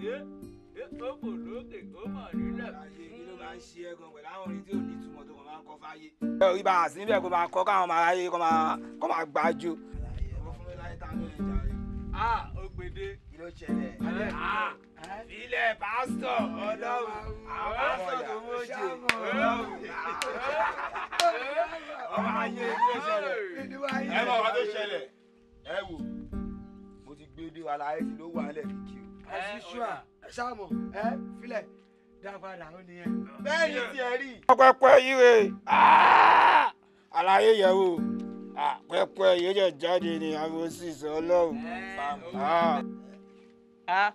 ó bò lókè ó mọ̀ nílẹ̀. ayé kí ló máa ń ṣe ẹ gan pẹ̀lú àwọn orin tí ò ní ìtumọ̀ tó kàn máa ń kọ fáyé. ẹ ò rí níbẹ̀ kó máa kọ́ káwọn máa ráyè kó máa gbájú. àlàyé a ó kí ló ṣẹlẹ̀. ilẹ̀ pásítọ̀ ọlọ́run àwọn pásítọ̀ tó mọ̀jẹ̀ ọlọ́run. ọmọ ayé ló ṣẹlẹ̀ ẹ mọ̀ wá tó ṣẹlẹ̀ ẹ wò mo ti gbé dé wa láyé tí ló wà á lẹ̀ o as eh, usual eh, sáàmù ẹ eh, filẹ̀ dápadà ó nìyẹn. bẹ́ẹ̀ ni tiẹ̀ rí. pẹ́pẹ́ yíwe ah! àlàyé yẹ̀ wò ah, pẹ́pẹ́ yìí jẹ́ jáde ní àwọn òṣìṣẹ́ ah. a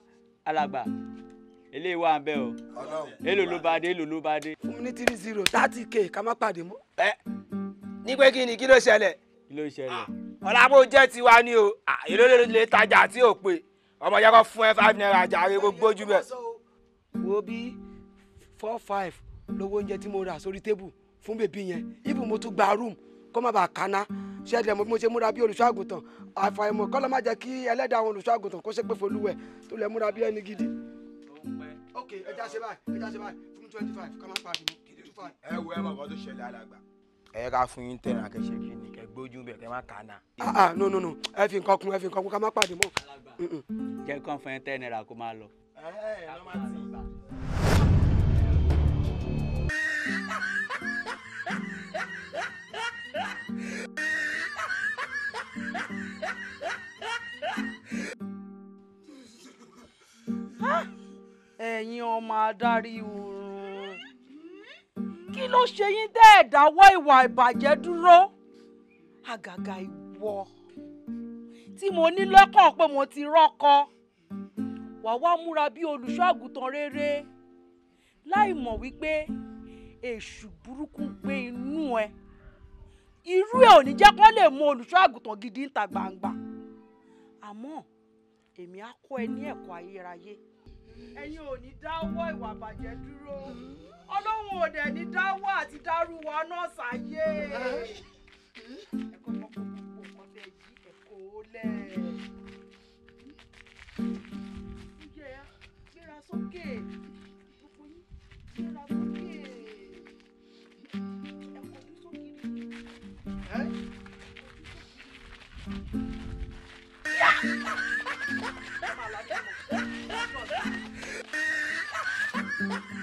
alàgbà eléyìí wà bẹ́ẹ̀ o èlò ló bá dé èlò ló bá dé. fún zero thirty k ká má pàdé mọ́. ẹ ní pé kí ni kí ló ṣẹlẹ̀. kí ló ṣẹlẹ̀. ọ̀làbó jẹ́ tiwa ni o èlò lè tajà tí ò pé ọmọ yẹn kọ́ fún ẹ five naira jàre kó gbójú bẹ̀. wo bí four five lówó oúnjẹ tí mo rà sórí tébù fún bèbí yẹn ibù mo tún gba room kó má bàa kaná ṣẹ́ẹ̀dẹ̀ mo bí mo ṣe múra bí olùṣọ́àgùntàn àfàìmọ̀ kọ́ ló má jẹ́ kí ẹlẹ́dàá àwọn olùṣọ́àgùntàn kó ṣépè folúwẹ̀ tó lè múra bí ẹni gidi. ok ẹja ṣe báyìí ẹja ṣe báyìí fún twenty five kọ́ má pa àbí mi. ẹ wo ẹ mọ̀ bọ́ tó ṣẹlẹ̀ alàgbà ẹ ká fún yín tẹ̀ràn akẹ́ṣe kí ni kẹ́ gbójú bẹ̀ kẹ́ má kà á nà. ah no no no ẹ fi nǹkan kun ẹ fi nǹkan kun ká má pàdé mọ́. jẹ́ kán fún ẹ tẹ́ náírà kó máa lọ. ẹ ẹ lọ́ máa tì í bá. ọmọ adarí o kí ló ṣe yín tẹ́ ẹ̀ dáwọ́ ìwà ìbàjẹ́ dúró àgàgà ìwọ tí mo ní lọ́kàn pé mo ti rọ́kọ wàá wá múra bí olùṣọ́ àgùntàn rere láì mọ̀ wípé èṣù burúkú gbé inú ẹ irú ẹ ò ní jẹ́ kó lè mọ olùṣọ́ àgùntàn gidi ń ta gbangba àmọ́ èmi á kọ́ ẹ ní ẹ̀kọ́ ayérayé ẹ̀yin ò ní dáwọ́ ìwà bàjẹ́ dúró ò dẹ̀ ní dáwọ́ àti dárúwọ náà sáyé. ẹ̀kọ́ mọ́ gbogbo nǹkan bẹ́ẹ̀ yí ẹ̀kọ́ lẹ̀. ǹjẹ́ gbéra sókè gbogbo yín gbéra sókè ẹ̀kọ́ ojú sókiri. Yeah!